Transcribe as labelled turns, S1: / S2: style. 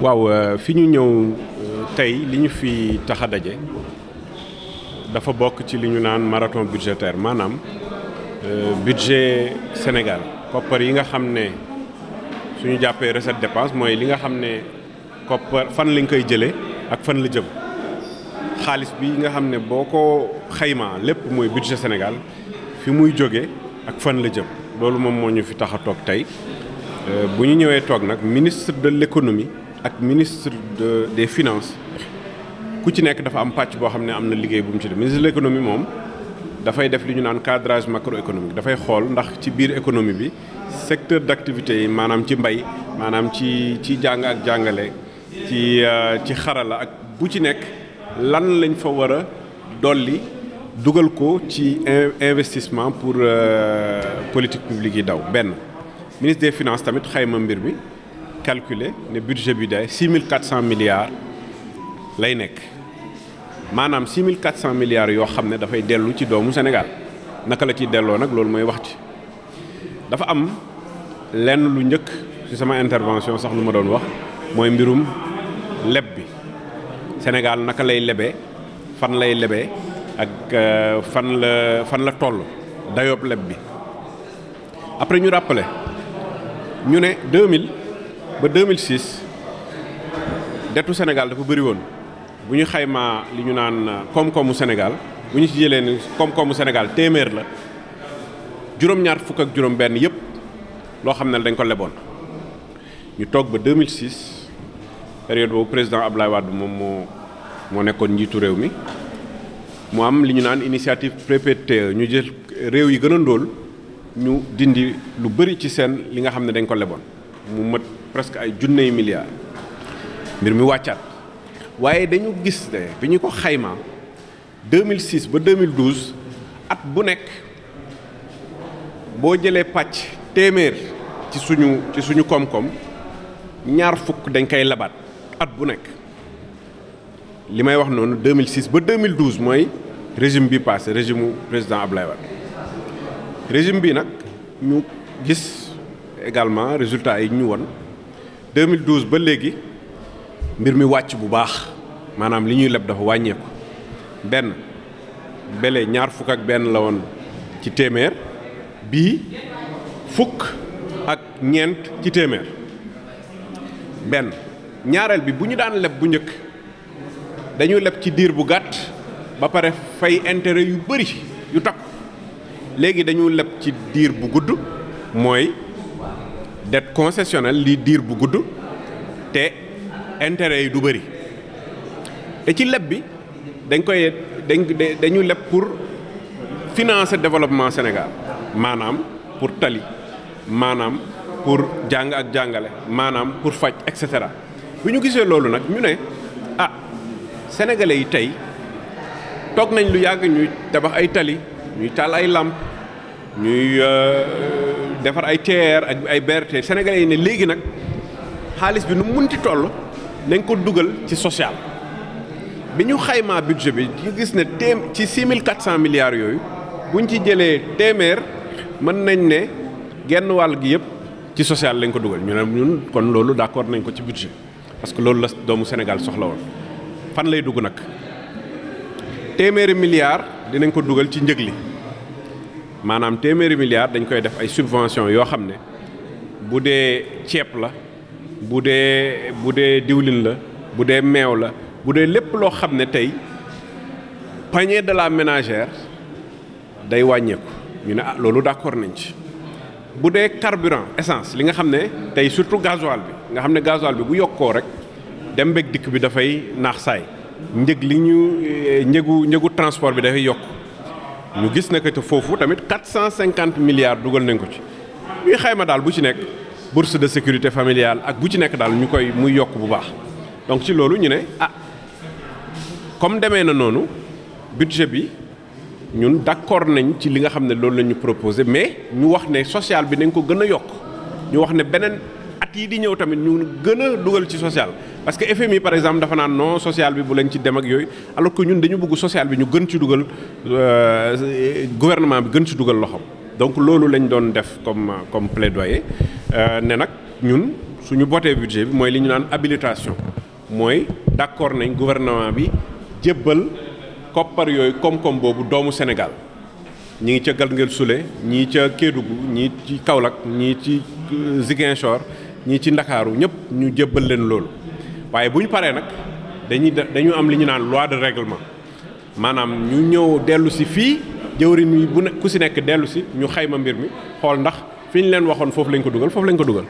S1: waaw euh, fi ñu ñëw euh, tey li ñu fi tax dafa bokk ci li ñu naan marathon budgétaire maanaam euh, budget senegal koppar yi nga xam ne suñu jàppee recette dépense mooy li nga xam ne koppar fan lañ koy jëlee ak fan la jëm xaalis bi nga xam ne boo ko xaymaa lépp mooy budget Sénégal fi muy jóge ak fan la jëm loolu moom moo ñu fi tax a toog tey euh, bu ñu ñëwee toog nag ministre de l'économie ak ministre de des finances ku ci nekk dafa am pàcc boo xam ne am na liggéey bu mu ci def ministre de l'économie moom dafay def li ñu naan cadrage macroéconomique dafay xool ndax ci biir économie bi secteur d'activité yi maanaam ci mbay maanaam ci ci jàng ak jàngale ci euh, ci xarala ak bu ci nekk lan lañ fa war a dolli dugal ko ci investissement pour euh, politique publique yi daw benn ministre des finance tamit xayma mbir bi calculer ne budget bi day six mille quatre cent milliards lay nekk maanaam six mille quatre cent milliards yoo xam ne dafay dellu ci doomu Sénégal naka la ciy delloo nag loolu mooy wax ci dafa am lenn lu njëkk ci sama intervention sax lu ma doon wax mooy mbirum leb bi Sénégal naka lay lebe fan lay lebe ak euh, fan la fan la toll dayoob leb bi après ñu rappelé ñu ne 2000 ba 2006 dettu Sénégal dafa bëri woon bu ñu xaymaa li ñu naan euh, koom-koomu Sénégal bu ñu ci jëlee ni koom-koomu Sénégal téeméer la juróom-ñaar fukk ak juróom-benn yëpp loo xam ne dañ ko leboon ñu toog ba 2006 période boobu président Abdoulaye Wade moom moo moo nekkoon njiitu réew mi. mu am li ñu naan initiative PPTE ñu jël réew yi gën a ndóol ñu dindi lu bëri ci seen li nga xam ne dañ ko leboon mu mat presque ay junney milliards mbir mi wàccaat waaye dañu gis ne bi ñu ko xayma 2006 ba 2012 at bu nekk boo jëlee pàcc téeméer ci suñu ci suñu koom-koom ñaar fukk dañ koy labaat at bu nekk li may wax noonu 2006 ba 2012 mooy résim bi passé régime mu président lay Wade régime bi nag ñu gis également résultat yi ñu won 2012 ba léegi mbir mi wàcc bu baax maanaam li ñuy leb dafa wàññeeku benn bele ñaar fukk ak benn la woon ci téeméer bii fukk ak ñeent ci téeméer benn ñaareel bi bu ñu daan leb bu njëkk. dañu leb ci diir bu gàtt ba pare fay intérêt yu bëri yu takku léegi dañu leb ci diir bu gudd mooy dette concessionnelle lii diir bu gudd te intérêt yi du bëri te ci leb bi dañ koy dañ dañu leb pour financer développement Sénégal maanaam pour tali maanaam pour jàng ak jàngale maanaam pour faj et cetera bu ñu gisee loolu nag ñu ne. sénégalais yi tey toog nañ lu yàgg ñuy tabax ay tali ñuy taal ay làmp ñuy euh, defar ay TER ak ay berte sénégalais yi ne léegi nag xaalis bi nu munti toll nañ ko dugal ci social bi ñu xaymaa budget bi ñu gis ne téem ci six mille quatre cent milliards yooyu bu ñu ci jëlee téeméer mën nañ ne genn wàll gi yëpp ci social lañ ko dugal ñu ne ñun kon loolu d'accord nañ ko ci budget parce que loolu la doomu Sénégal soxla woon fan lay dugg nag téeméeri milliards dinañ ko dugal ci njëg li maanaam téeméeri milliards dañ koy def ay subvention yoo xam ne bu dee ceeb la bu dee bu dee diwlin la bu dee meew la bu dee lépp loo xam ne tey panier de la ménagère day wàññeeku ñu ne ah loolu d'accord nañ ci bu dee carburant essence li nga xam ne tey surtout gasoil bi nga xam ne gasoil bi bu yokkoo rek dem beeg dikk bi dafay naax saay njëg li ñu eh, njëgu njëgu transport bi dafay yokk ñu gis na que foofu tamit 450 milliards dugal nañ ko ci ñuy xayma daal bu ci nekk bourse de sécurité familiale ak bu ci nekk daal ñu koy muy yokk bu baax donc ci loolu ñu ne ah comme demee na noonu budget bi ñun d'accord nañ ci li nga xam ne loolu la ñu proposé mais ñu wax ne social bi nañ ko gën a yokk ñu wax ne beneen at yi di ñëw tamit ñu gën a dugal ci social parce que FMI par exemple dafa naan non social bi bu leen ci dem ak yooyu alors que ñun dañu bëgg social bi ñu gën ci dugal euh, gouvernement bi gën ci dugal loxoom donc loolu lañ doon def comme comme plaidoyer euh, ne nag ñun suñu botee budget bi mooy li ñu naan habilitation mooy d'accord nañ gouvernement bi jëbbal koppar yooyu koom-koom boobu doomu Sénégal ñi ngi ca Galguel Soule ñii ca Kédougou ñii ci Kaolack ñii ci euh, Ziguinchor ñii ci Ndakaaru ñëpp ñu jëbbal leen loolu waaye bu ñu paree nag dañuy dañu am li ñu naan loi de règlement maanaam ñu ñëw dellu si fii jëwriñ yi bu ne ku si nekk dellu si ñu xayma mbir mi xool ndax fi ñu leen waxoon foofu lañ ko dugal foofu lañ ko dugal.